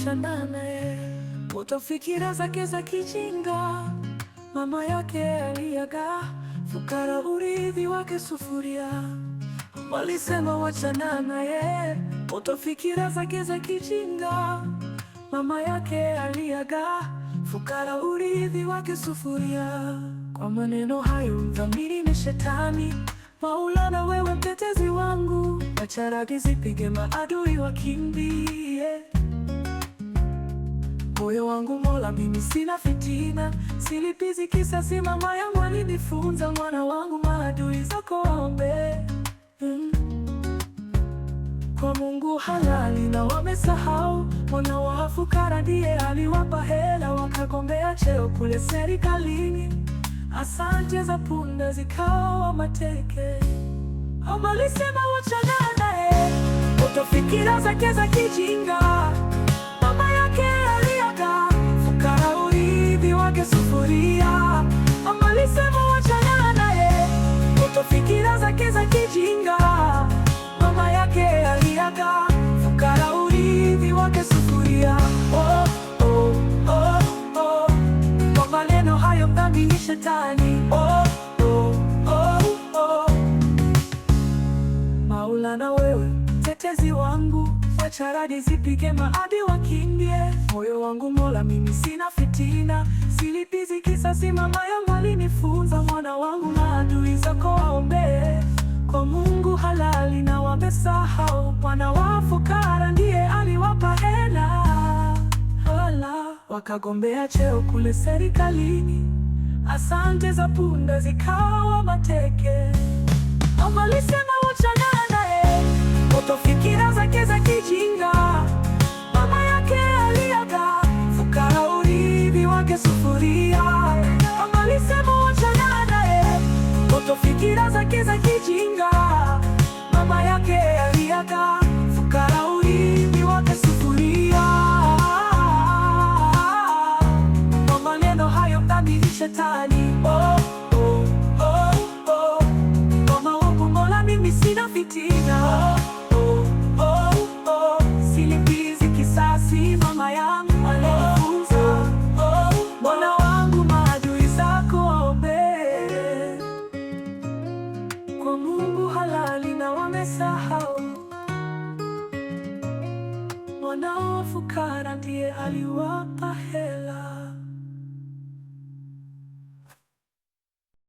wachandane, moto fikira zake za kijinga, mama yake aliaga, fukara urithi wake sufuria. Walisema wachana naye, moto zake za kijinga, mama yake aliaga, fukara urithi wake sufuria. Kwa maneno hayo, mdhamini ni Shetani. Maulana, wewe mtetezi wangu, bacharaji zipige maadui wakimbie moyo wangu Mola, mimi sina fitina, silipizi kisasi. Mama yangu alinifunza, mwana wangu, maadui zako waombe mm. kwa Mungu halali na wamesahau. Mwana wa fukara ndiye aliwapa hela, wakagombea cheo kule serikalini. Asante za punda zikawa mateke. Omalisema wachana naye, eh. utofikira zake za kijinga fikira zake za kijinga. Mama yake aliaga, fukara urithi wake sufuria. Oh, oh, oh, oh. Kwa maneno hayo mdhambi ni shetani. Oh, oh, oh, oh. Maulana wewe mtetezi wangu, wacharadi zipige maadi wakimbie. Moyo wangu Mola, mimi sina fitina, silipizi kisasi mama ya Bwana wa fukara ndiye aliwapa hela, wakagombea cheo kule serikalini. Asante za punda zikawa mateke. Walisema shetani oh, oh, oh, oh. Kwa maovu Mola, mimi sina fitina oh, oh, oh, oh. Silipizi kisasi mama yangu alinifunza oh, oh, oh. wangu maadui zako ombee kwa Mungu halali na wamesahau mwana fukara ndiye aliwapa hela